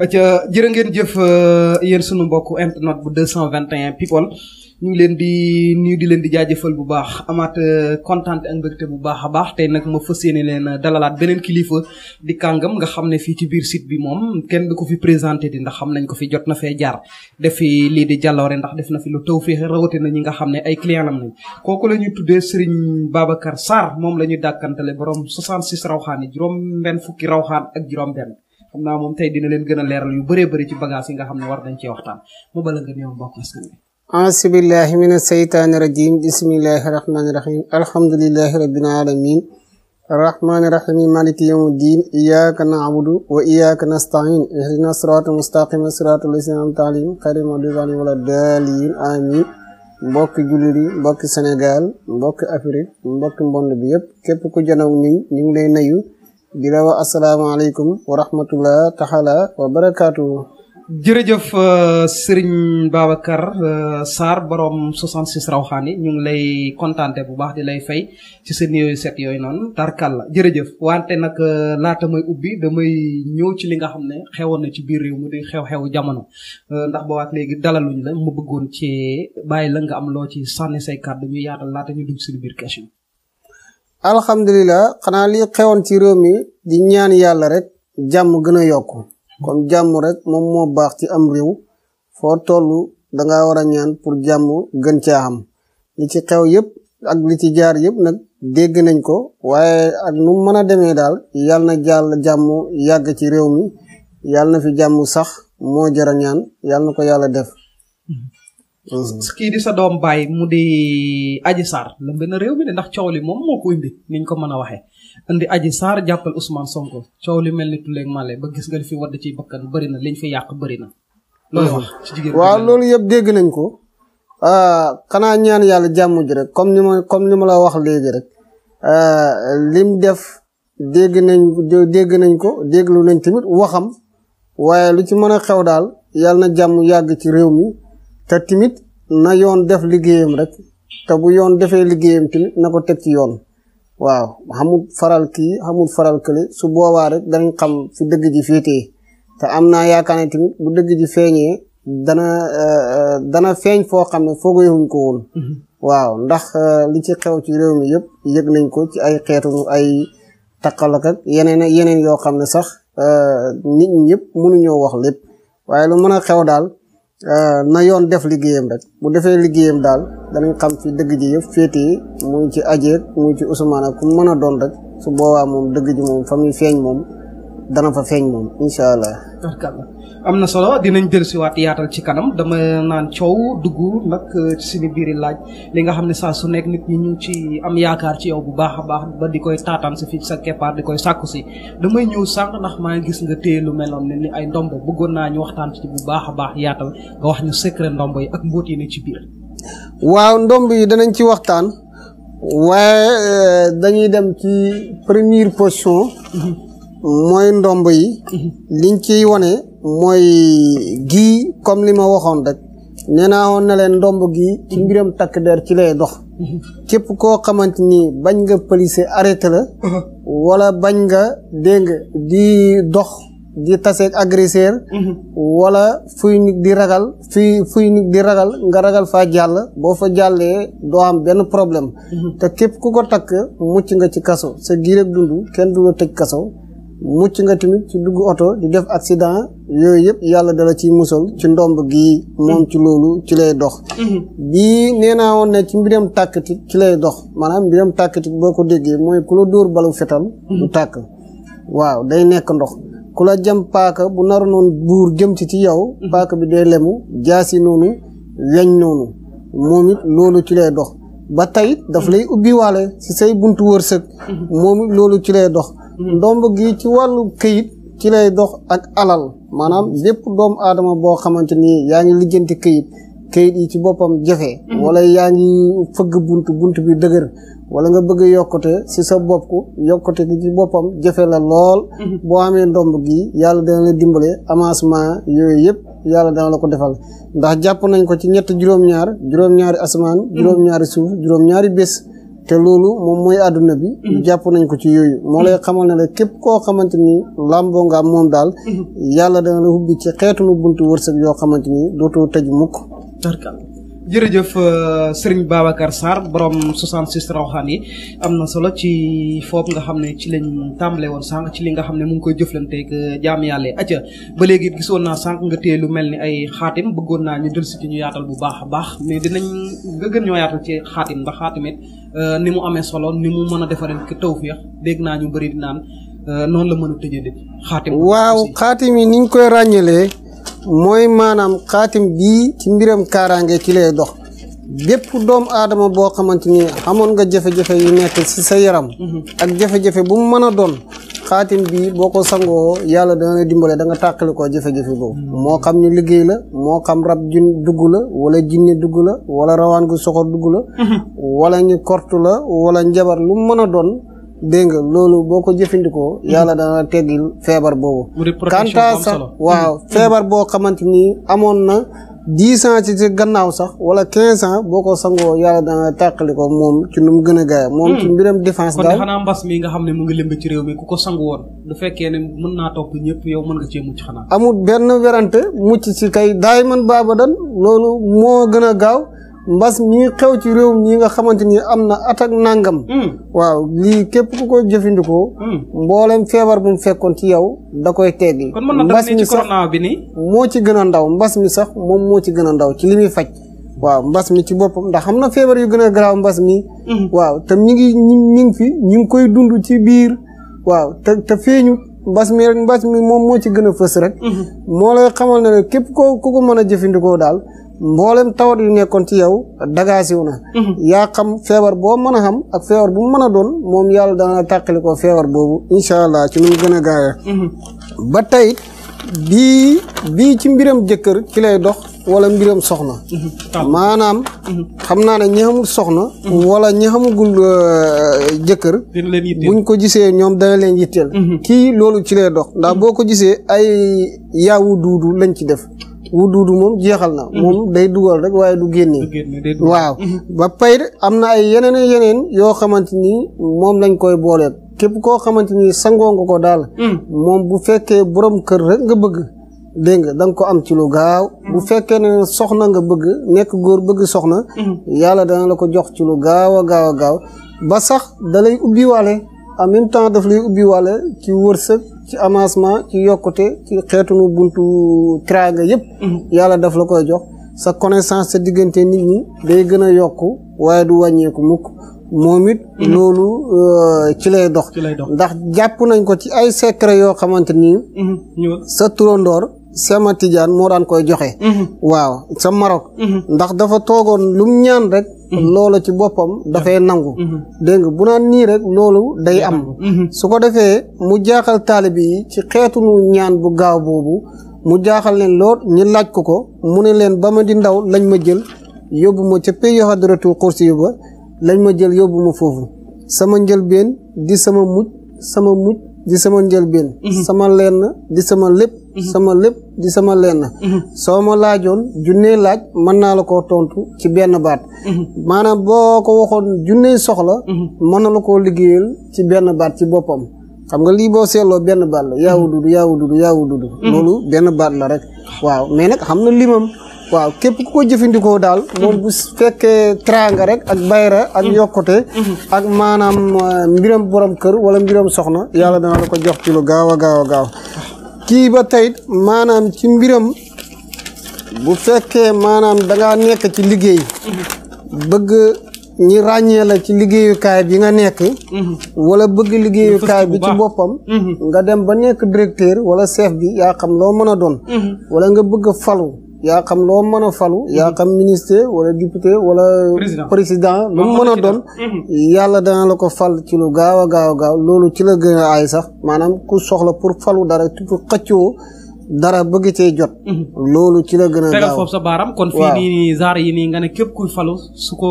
aca jërë ngeen jëf euh, yéen sunu mbokku internet bu 221 people ñu ngi leen di nuyu di leen di jaajëfal bu baax amaat euh, kontaan ak mbégte bu baax a baax tey nag ma fas yéene leen dalalaat beneen kilifa di kàngam nga xam ne fii ci biir site bi moom kenn du ko fi présenté di ndax xam nañ ko fi jot na fee jaar def lii di jàlloore ndax def na fi lu taw fii rawatina ñi nga xam ne ay client am nañ kooku la ñuy tuddee Serigne Babacar Sarr moom la ñuy dàkkantale borom 66 rawxaan yi juróom-benn fukki rawxaan ak juróom xam naa moom tey dina leen gën a leeral yu bëree bëri ci bagage yi nga xam ne war nañ cee waxtaan mu bala nga néew mbokk askan wi asibillahi min aseytaani rajim bismillahi rahmaani rahim alhamdulilahi rabbil alamin arrahmaani rahimi maliki yawmi diin iyyaka na'budu wa iyyaka nasta'in ihdina siraatal mustaqima siraatal lazina an'amta wala daalliin amin mbokki jullit yi mbokki Sénégal mbokki Afrique mbokki mbond bi yëpp képp ku janow ñun ñu ngi lay nayu di la wax asalaamaaleykum wa rahmatullah taxala wa barakaatu. jërëjëf euh, Serigne Babacar euh, Sarr borom 66 rawxaani ñu ngi lay kontaante bu baax di lay fay ci sa néew yooyu noonu tarkal la jërëjëf wante nag euh, laata may ubbi damay ñëw ci li nga xam ne xewoon na ci biir réew mu di xew xew jamono ndax boobaak léegi dalaluñ la mu bëggoon ci bàyyi la nga am loo ci sànni say kàddu ñu yaatal laata ñu dugg si biir yi alhamdulilah xanaa li xewoon ci réew mi di ñaan yàlla rek jàmm gën a yokk comme jàmm rek moom moo baax ci am réew foo toll danga war a ñaan pour jàmm gën caa am li ci xew yëpp ak li ci jaar yëpp nag dégg nañ ko waaye ak nu mën a demee daal yàlla na jàll jàmm yàgg ci réew mi yàlla na fi jàmm sax moo jar a ñaan yàlla na ko yàlla def Euh, mm. kii di sa doom bàyyi mu di Adji Sarr la benn réew mi de ndax coow li moom moo ko indi niñ ko mën a waxee indi aji Sarr jàppal Ousmane Sonko coow li mel ni tulleeg male ba gis nga li fi wadd ci bakkan bëri na liñ fi yàq bëri na loolu wax mm. ci jigéen waaw loolu yëpp dégg nañ ko ah, xanaa ñaan yàlla jàmm ji comme ni ma comme ni ma la wax léegi rek ah, def dégg nañ nañ ko dégglu nañ tamit waxam waaye lu ci mën a xew daal yàlla na jàmm yàgg ci réew mi te tamit na yoon def liggéeyam rek te bu yoon defee liggéeyam tamit na ko teg ci yoon waaw xamul faral kii xamul faral kële su boobaa rek danañ xam fi dëgg ji féetee te am naa yaakaar ne tamit bu dëgg ji feeñee dana euh, euh, dana feeñ foo xam ne foogewuñ ko woon. Mhm. waaw ndax euh, li ci xew ci réew mi yëpp yëg nañ ko ci ay xeetu ay takkalak ak yeneen yeneen yoo xam ne sax nit ñi ñëpp mënuñoo wax lépp waaye lu mën a xew daal. Euh, na yoon def liggéeyam rek bu defee liggéeyam daal danañ xam ci dëgg ji yëpp féete yi muy ci ajeeg muy ci Ousmane ak ku mën a doon rek su boobaa moom dëgg ji moom fa feeñ moom dana fa feeñ moom incha allah. am na solo dinañ dellusiwaat yaatal ci kanam dama naan coow dugg nag ci suñu biiri laaj li nga xam ne saa su nekk nit ñi ñu ci am yaakaar ci yow bu baax a baax ba di koy taataan si fii sa keppaar di koy sàkku si damay ñëw sànq ndax maa gis nga téye lu meloon ne ni ay ndombo bëggoon naa ñu waxtaan ci bu baax a baax yaatal nga wax ñu secret ndombo yi ak mbóot yi ne ci biir. waaw ndomb yi danañ ci waxtaan waaye euh, dañuy dem ci première position. Mhm. mooy ndomb yi. Mhm. liñ ciy wane. mooy gii comme li ma waxoon rek nee naa woon na leen ndomb gii ci mbiram takk der ci lay dox képp koo xamante ni bañ nga police arrêté la wala bañ nga dégg di dox di taseeg agresseur wala fuy nit di ragal fuy fuy nit di ragal nga ragal faa jàll boo fa jàllee doo am benn problème te képp ku ko takk mucc nga ci kaso sa giir ak dund kenn du la tëj kaso mucc nga tamit ci dugg oto di def accident yooyu yëpp yàlla dala ci musal ci ndomb gi moom ci loolu ci lay dox bii nee naa woon ne ci mbiram tàkkatit ci lay dox maanaam mbiram tàkkatit boo ko déggee mooy ku la dóor balu fetal du tàkk waaw day nekk ndox ku la jëm paaka bu naru noonu buur jëm ci ci yow paaka bi day lemu jaasi noonu weñ noonu moom it loolu ci lay dox ba tey daf lay ubbi waale si say buntu wërsëg moom loolu ci lay dox ndomb gi ci wàllu kayit ci lay dox ak alal maanaam bépp doomu aadama boo xamante ni yaa ngi lijjanti kayit kayit yi ci boppam jafe. Mhm. wala yaa ngi fëgg bunt bunt bi dëgër wala nga bëgg yokkute si sa bopp yokkute gi ci boppam jafe la lool. Mhm. boo amee ndomb gi yàlla dana la dimbale avancement yooyu yëpp yàlla dana la ko defal ndax jàpp nañ ko ci ñett juróom-ñaar juróom-ñaari asamaan. Mhm. juróom-ñaari suuf juróom-ñaari bés. te loolu moom mooy àdduna bi mhm. jàpp nañ ko ci yooyu moo lay mhm. xamal ne la képp koo xamante ni làmboo nga moom daal mhm. yàlla dana la ubbi ci xeetulu buntu wërsëg yoo xamante ni dootoo tëj mukk jërëjëf euh, Serigne Babacar Sarr borom 66 rawxaan yi am na solo ci foofu nga xam ne ci lañ tàmbale woon sànq ci li nga xam ne mu ngi koy jëflanteeg euh, jaam yàlla yi acca ba léegi gisoon naa sànq nga téye lu mel ni ay xaatim bëggoon naa ñu dël si ci ñu yaatal bu baax baax mais dinañ nga gën ñoo yaatal ci xaatim ndax xaatim euh, ni mu amee solo ni mu mën a defaree ki tawféex dégg naa ñu bëri di naan noonu la mën a tëjee di xaatim waaw xaatim yi niñ koy mooy maanaam xaatim bii ci mbiram kaaraange ci lay dox bépp doomu aadama boo xamante ni xamoon nga jafe-jafe yu nekk si sa yaram mm-hmm. ak jafe-jafe bu mu mën a doon xaatim bii boo ko sangoo yàlla dana dimbale danga nga tàqali koo boobu mm-hmm. moo xam ñu liggéey la moo xam rab jun dugg la wala jinne dugg la wala rawaan gu soxor dugg la mm-hmm. wala ñu kortu la wala njabar lu mën a doon dégg nga loolu boo ko jëfandikoo. yàlla dana teggil feebar boobu. kanta sax waaw mm. feebar boo xamante ni amoon na dix ans ci ci gannaaw sax wala quinze ans boo ko sangoo yàlla dana tàqali ko moom ci nu mu gën a gaaw. moom ci mm. mbiram défense daal kon nga xam ne mu ngi lëmb ci réew mi ku ko sangu woon du fekkee ne mën naa topp ñëpp yow mën nga cee mucc xanaa. amul benn werante mucc ci kay daay man baaba dan loolu moo gën a gaaw. mbas mii xew ci réew mii nga xamante ni am na at nangam nàngam hmm. waaw lii képp ku ko jëfandikoo hmm. mboolem feebar bu mu fekkoon ci yow da koy teggi mbas mi sax moo ci gën a ndaw mbas mi sax moom moo ci gën a ndaw ci li muy faj waaw mbas mi ci boppam ndax xam na feebar yu gën a garaaw mbas mi hmm. waaw te mi ngi mi ngi fi ñu ngi koy dund ci biir waaw te feeñu mbas mi rek mbas mi moom moo ci gën a fës rek moo lay xamal ne képp ko ko mën a jëfandikoo daal mboolem tawat yu nekkoon ci yow dagaasiw na mhm. yaa xam feebar boo mën a xam ak feebar bu mën a doon moom yàlla dana tàqali ko feebar boobu incha allah ci nu gën a gaaya mhm. ba tey bii bii ci mbiram jëkkër ci lay dox wala mbiram soxna mhm. maanaam xam naa ne ñi soxna wala ñi xamagul euh, jëkkër buñ ko gisee ñoom dana leen yitteel kii loolu ci lay dox ndax boo ko gisee ay yaawu duudu lañ ci def wuduudu moom jeexal na mhm. moom day dugal rek waaye du génnee waaw mhm. ba pay am na ay yeneen yeneen yoo xamante ni moom lañ koy booleet képp koo xamante sangoo nga ko daal mhm. moom bu fekkee borom kër rek nga bëgg dégg nga da ko am ci lu gaaw bu fekkee ne soxna nga bëgg nekk góor bëgg soxna yàlla dana la ko jox ci lu gaaw a gaaw a gaaw ba sax da lay ubbiwaale en même temps daf lay ubbiwaale ci wërsëg ci avancement ci yokkute ci xeetunu buntu tiraanga yëpp mhm. yàlla def la koy jox sa connaissance sa diggante nit ñi day gën a yokk waaye du wàññeeku mukk moom it mhm. loolu euh, ci lay dox ndax jàpp nañ ko ci ay secret yoo xamante nii mhm. sa turandoor Sema Tidiane moo daan koy joxe waaw sa Maroc ndax dafa toogoon lum ñaan rek loolu ci boppam dafay nangu mm-hmm. dégg bu naan nii rek loolu day am mm-hmm. su ko defee mu jaaxal taalibi yi ci xeetu ñaan bu gaaw boobu mu jaaxal leen lool ñu laaj ko ko mu ne leen ba ma di ndaw lañ ma jël yóbbu ma ca pay hadratul kursi yu ba lañ ma jël yóbbu ma foofu sama njëlbeen di sama mujj sama mujj di sama njëlbéen mhm. sama lenn di sama lépp mhm. sama lépp di sama lenn mhm. soo ma laajoon junnee laaj mën naa la koo tontu ci benn baat maanaam boo ko waxoon junnee soxla mën na la ko liggéeyal ci benn baat ci boppam xam nga lii boo seetloo benn baat la yaawu dudu yaawu dudu loolu benn baat la rek waaw mais nag xam na limam waaw képp ku ko jëfandikoo daal. Mhm. moom bu fekkee teraanga rek ak bayra ak mhm. yokkute. Mhm. ak maanaam euh, mbiram borom kër wala mbiram soxna yàlla dana la ko jox ci lu gaaw a gaaw a gaaw kii ba tey maanaam ci mbiram bu fekkee maanaam dangaa nekk ci liggéey. bëgg ñi ràññee la ci liggéeyukaay bi nga nekk. wala bëgg liggéeyukaay bi ci boppam. nga dem ba nekk directeur wala chef bi yaa xam loo mën a doon. wala nga bëgg falu. yaa xam loo mën a falu yaa xam ministre wala député wala président lu mën a doon yàlla dana la ko fal ci lu gaaw a gaaw gaaw loolu ci la gën a aay sax maanaam ku soxla pour falu dara pour xëccoo dara bëgg cee jot mhm. loolu ci la gën a gaaw foofu sa baaram kon fii nii zaar yi nii nga ne képp kuy falu su ko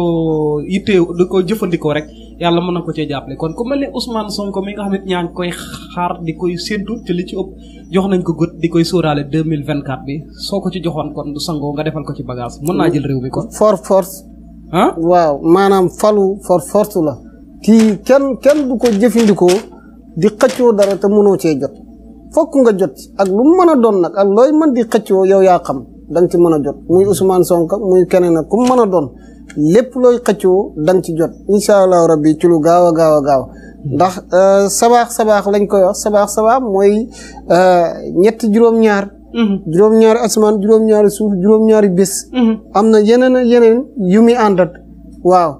yittee du ko jëfandikoo rek yàlla mën na ko cee jàppale kon ku mel ne Ousmane Sonko mi nga xam ne ñaa koy xaar di koy séentu te li ci ëpp jox nañ ko gët di koy sóoraale deux mille vingt quatre bi soo ko ci joxoon kon du sangoo nga defal ko ci bagage mën naa jël réew mi kon. for force. ah waaw maanaam falu for force la. kii kenn kenn du ko jëfandikoo di xëccoo dara te mënoo cee jot fokk nga jot ak lu mu mën a doon nag ak looy mën di xëccoo yow yaa xam da nga mën a jot muy Ousmane sonk muy keneen ak ku mu mën a doon. lépp looy xëccoo danga ci jot incha allahu rabbi ci lu gaaw a gaaw a gaaw ndax euh, sabaax sabaax lañ koy wax sabaax sabaax mooy euh, ñett juróom-ñaar. Mhm. juróom ñaar asmaan juróom ñaar suuf juróom-ñaari bés. Mhm. am na yeneen yeneen yu muy àndat waaw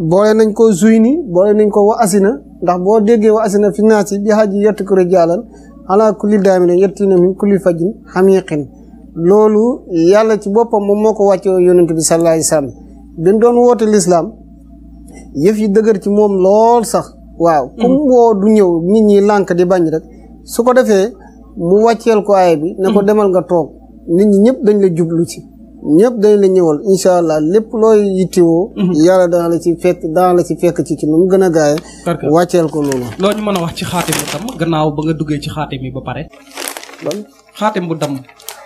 boole nañ ko zuyni boole nañ ko wa asina ndax boo déggee wa asina finance bi xaji yett ko rajaalan ala kulli daamine yettina min kulli fajin xamiqin loolu yàlla ci boppam moom moo ko wàcce yonent bi sallallahu alayhi wa dañ doon woote lislaam yëf yi dëgër ci moom lool sax waaw comme woo du ñëw nit ñi lànk di bañ rek su ko defee mu wàcceel ko aaya bi ne ko hmm. demal nga toog nit ñi ñëpp dañu la jublu ci ñëpp dañ la ñëwal incha allah lépp looy yittewoo hmm. yàlla dana la ci fekk dana la ci fekk ci ci nu gën a gaaye wàcceel ko loolu loo ñu mën a wax ci xaatim bu damm gannaaw ba nga duggee ci xaatim yi ba pare xaatim bu damm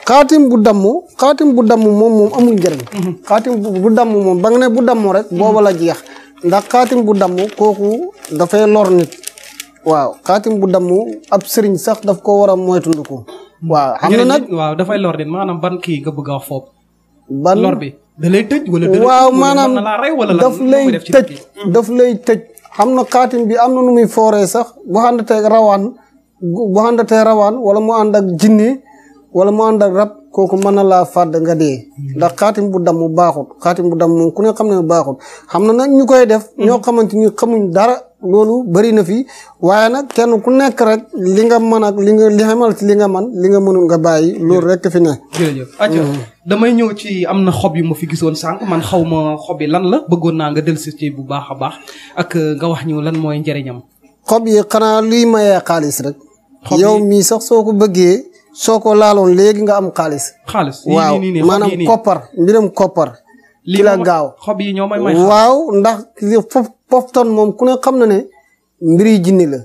kaatim bu dammu xaatim bu damm moom moom amul njëriñ mhm. xaatim bu damm moom ba ne bu dammu rek booba la jeex ndax kaatim bu damm kooku dafay lor nit waaw bu damm ab sëriñ sax daf ko war a moytundiku mhm. waaw xam na nag waaw dafay maanaam ban kii nga bëgg a wax foofu ban bi da lay tëj wala waaw maanaam daf lay tëj mhm. daf lay tëj xam na xaatim bi am na nu muy fooree sax bu àndatee rawaan bu àndatee rawaan wala mu ànd ak jinne wala mu ànd ak rab kooku mën na laa fàdd nga dee ndax xaatim bu dam damm baaxut xaatim bu dam moom ku ne xam ne baaxut xam na nag ñu koy def ñoo xamante ni xamuñ dara loolu bëri na fi waaye nag kenn ku nekk rek li nga mën ak li nga li xamal ci man li nga mënul nga bàyyi loolu rek fi ne jërëjëf acca mm-hmm. damay ñëw ci am na xob yu ma fi gisoon sànq man xaw ma xob yi lan la bëggoon naa nga si ci bu baax a baax ak euh, nga wax ñu lan mooy njëriñam xob yi xanaa luy mayee xaalis rek yow mii soo ko bëggee soo ko laaloon léegi nga am xaalis. xaalis waaw maanaam koppar mbiram koppar. ki la gaaw xob yi ñoo may waaw ndax fof pofton moom ku ne xam na ne mbiri jinne la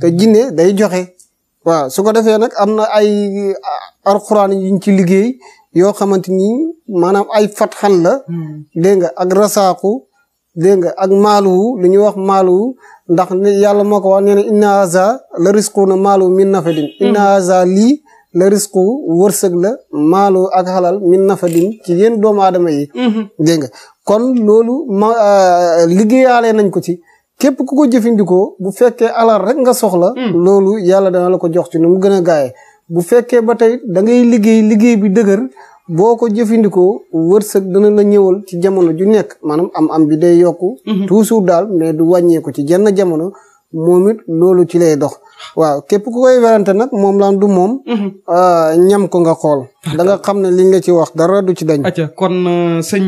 te jinne day joxe. waaw su ko defee nag am na ay alxuraan yuñ ci liggéey yoo xamante ni maanaam ay fatxan la. Hmm. dégg nga ak rasaaku. dégg nga ak maaluwu lu ñuy wax maaluwu ndax yàlla moo ko wax nee na inna haza la risquna maaluwu min nafadin hmm. inna haza lii la risku wërsëg la maalu ak xalal min nafadin ci yéen doomu aadama yi mhm. dégg nga kon loolu ma euh, liggéeyaale nañ ko ci képp ku ko jëfandikoo bu fekkee alal rek nga soxla mhm. loolu yàlla dana la ko jox ci nu mu gën a gaawee bu fekkee ba tey da ngay liggéey liggéey bi dëgër boo ko jëfandikoo wërsëg dana la ñëwal ci jamono ju nekk maanaam am am bi day yokku mhm. toujours daal mais du wàññeeku ci jenn jamono moom it loolu ci lay dox waaw képp ko koy werante nag moom laan du moom. Mhm. Ah, ñam ko nga xool. da xam ne liñ nga ci wax dara du ci dañ. acca kon euh, sëñ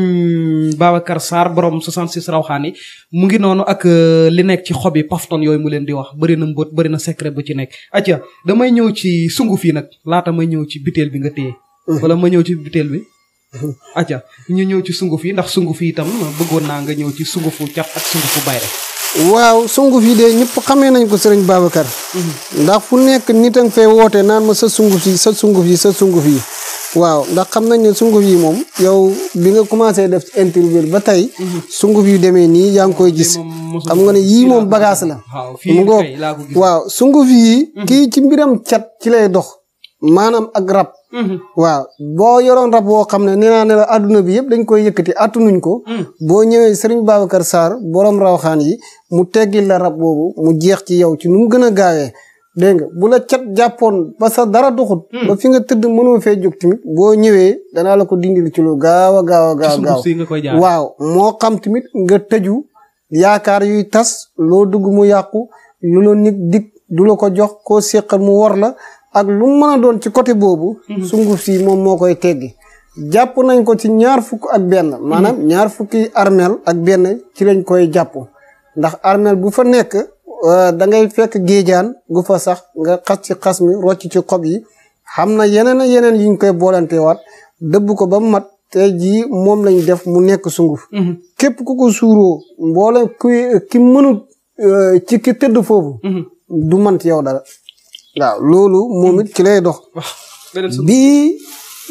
Babacar Sarr borom 66 rawxaan yi mu ngi noonu ak euh, li nekk ci xob yi pafton yooyu mu leen di wax bëri na mbóot bëri na secret bu ci nekk acca damay ñëw ci sunguf yi nag laata may ñëw ci biteel bi nga téye. Mhm. wala ma ñëw ci biteel bi. Mhm. acca ñu ñëw ci sunguf yi ndax sunguf yi itam bëggoon naa nga ñëw ci sungufu cat ak sungufu waaw sunguf yi de ñëpp xame nañ ko sëriñ Babacar. ndax fu nekk nit a nga fee woote naan ma sa sunguf yi sa sunguf yi sa sunguf yi. waaw ndax xam nañ ne sunguf yi moom yow bi nga commencé def interview ba tey. sunguf yu demee nii yaa ngi koy gis. xam nga ne yii moom bagage la. mu ngoog waaw sunguf yi. kii ci mbiram cat ci lay dox. maanaam ak rab. Mm-hmm. waaw boo yoroon rab woo xam ne nee naa ne la adduna bi yëpp dañ koy yëkkati attanuñ ko. Mm. boo ñëwee Serigne Babacar Sarr borom rawxaan yi mu teggil la rab boobu mu jeex ci yow ci nu mu gën a gaawee. dégg nga bu la cat jàppoon ba sa dara duxut. Mm. ba fi nga tëdd mënoo fee jóg tamit boo ñëwee danaa la ko dindil ci lu gaaw a gaaw a gaaw gaaw waaw moo xam tamit nga tëju yaakaar yuy tas loo dugg mu yàqu lu la nit dig du la ko jox ko séqal mu wor la ak lu mu a doon ci côté boobu. Mhm. sunguf si moom moo koy teggi. jàpp nañ ko ci ñaar fukk ak benn. Mhm. maanaam ñaar fukki armel ak benn ci lañ koy jàpp. ndax armel bu fa nekk euh, da ngay fekk géejaan gu fa sax nga xas ci xas mi rocc ci xob yi xam na yeneen yeneen yi ñu koy boolanteewaat dëbb ko ba mu mat tey jii moom lañ def mu nekk sunguf. Mhm. képp ku ko suuroo mboole ku ki mënut euh, ci ki tëdd foofu. du mant yow dara. waaw loolu moom it ci lay dox. bii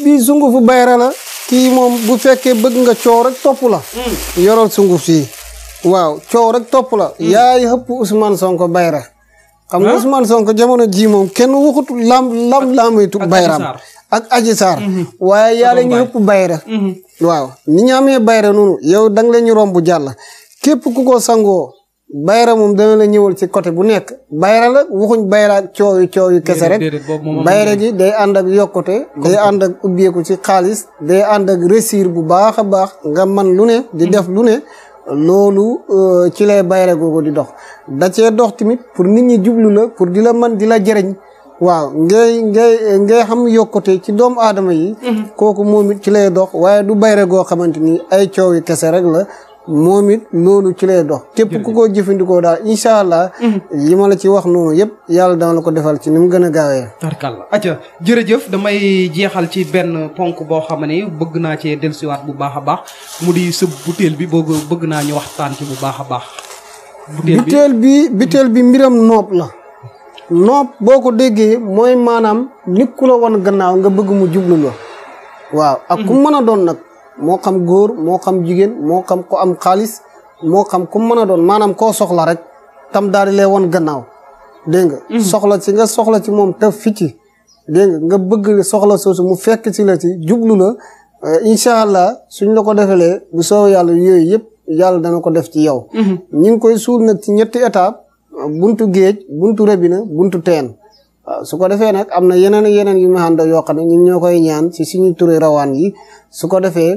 bii sungufu bayra la. kii moom bu fekkee bëgg nga coow rek topp la. Hmm. yoral sunguf si waaw coow rek topp la. Hmm. yaay xëpp Ousmane Sonko bayra. xam nga Ousmane sonk jamono ji moom kenn waxut lam lam laamitu bayram ak Adji saar hmm. waaye yaa la ñu bayra. waaw ñu amee bayra noonu yaw dang nga leen ñu romb jàll képp ku ko sangoo. bayra moom dana la ñëwal ci côté bu nekk bayra la waxuñ bayra ak coow yu coow yu kese rek bayra ji day ànd ak yokkute day ànd ak ubbeeku ci xaalis day ànd ak réussir bu baax a baax nga man lu ne di def lu ne loolu euh, ci lay bayra googu di dox da cee dox tamit pour nit ñi jublu la pour di la man di la jëriñ waaw ngay ngay ngay xam yokkute ci doomu aadama yi mm-hmm. kooku moom ci lay dox waaye du bayra goo xamante ni ay coow yu kese rek la moom it noonu ci lay dox. képp ku ko jëfandikoo daal incha allah. Mhm. li ma la ci wax noonu yëpp yàlla dana la ko defal ci ni mu gën a gaawee. tarkalla acca jërëjëf damay jeexal ci benn ponk boo xam ne bëgg naa cee dellusiwaat bu baax a baax mu di sëb butéel bi boo bëgg naa ñu waxtaan ci bu baax a baax. butéel bi butéel bi mbiram noob la. noob boo ko déggee mooy maanaam nit ku la wan gannaaw nga bëgg mu jublu la. waaw ak ku mhm. mën a doon nag. moo xam góor moo xam jigéen moo xam ku am xaalis moo xam ku mën a doon maanaam koo soxla rek tam daa di lay wan gannaaw dégg nga. Mm-hmm. soxla si nga soxla ci moom te fici dégg nga nga bëgg soxla soosu mu fekk si la ci jublu la euh, incha allah suñ la ko defalee bu soobee yàlla yooyu yëpp yàlla dana ko def ci yow. Mm-hmm. ñu ngi koy suul nag ci ñetti étape buntu géej buntu robinet buntu teen. Ah, su ko defee nag am na yeneen yeneen yu nga xam ne yoo xam ne ñun ñoo koy ñaan si suñu turi rawaan yi su ko defee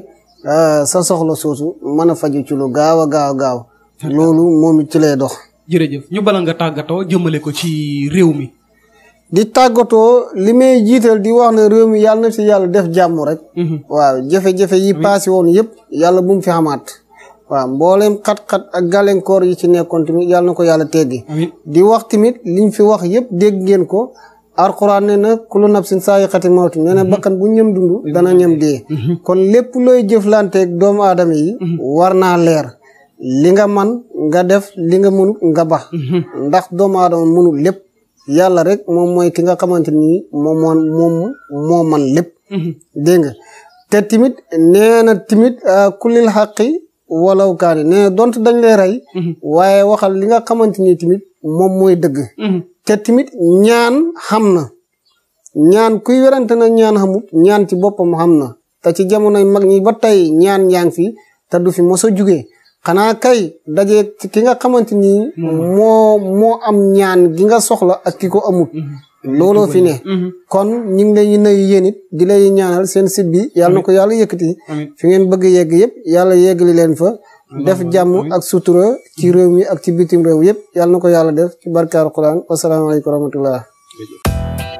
ah, sa soxla soosu mën a faj ci lu gaaw a gaaw gaaw loolu moom it ci lay dox. jërëjëf ñu bala nga tàggatoo jëmale ko ci réew mi. di tàggatoo li may jiital di wax ne réew mi yàlla na ci yàlla def jàmm rek. Mhm. waaw jafe-jafe yi paase woon yëpp yàlla bu mu fi xamaat. waaw mbooleem xat-xat ak gàllankoor yi ci nekkoon tamit yàlla na ko yàlla teggi di wax tamit liñ fi wax yëpp dégg ngeen ko alxuraan nee na kullu nafsin saayiqati mawti nee na mhm. bakkan bu ñëm dund dana ñëm dee mhm. kon lépp looy jëflanteeg doomu aadama yi mhm. war naa leer li nga man nga def li nga mënut nga bax doomu aadama mënul lépp yàlla rek moom mooy ki nga xamante ni moom moo man lépp dégg xaqi walaw kaani nee dont dañ lay rey. Mhm. waaye waxal li nga xamante ni tamit moom mooy dëgg. Mhm. te tamit ñaan xam na ñaan kuy werante na ñaan xamut ñaan ci boppam xam na te ci jamonoy mag ñi ba tey ñaan yaa ngi fi te du fi mos a jugee xanaa kay daje ki nga xamante ni. moo moo am ñaan gi nga soxla ak ki ko amut. Mhm. looloo fi ne kon ñu ngi leen ñu nuyu yéen di lay ñaanal seen site bi yàlla na ko yàlla yëkkati fi ngeen bëgg yegg yëpp yàlla yeggali leen fa def jàmm ak sutura ci réew mi ak ci bitim réew yëpp yàlla na ko yàlla def ci barkaaru Quran wasalaamaaleykum wa rahmatullah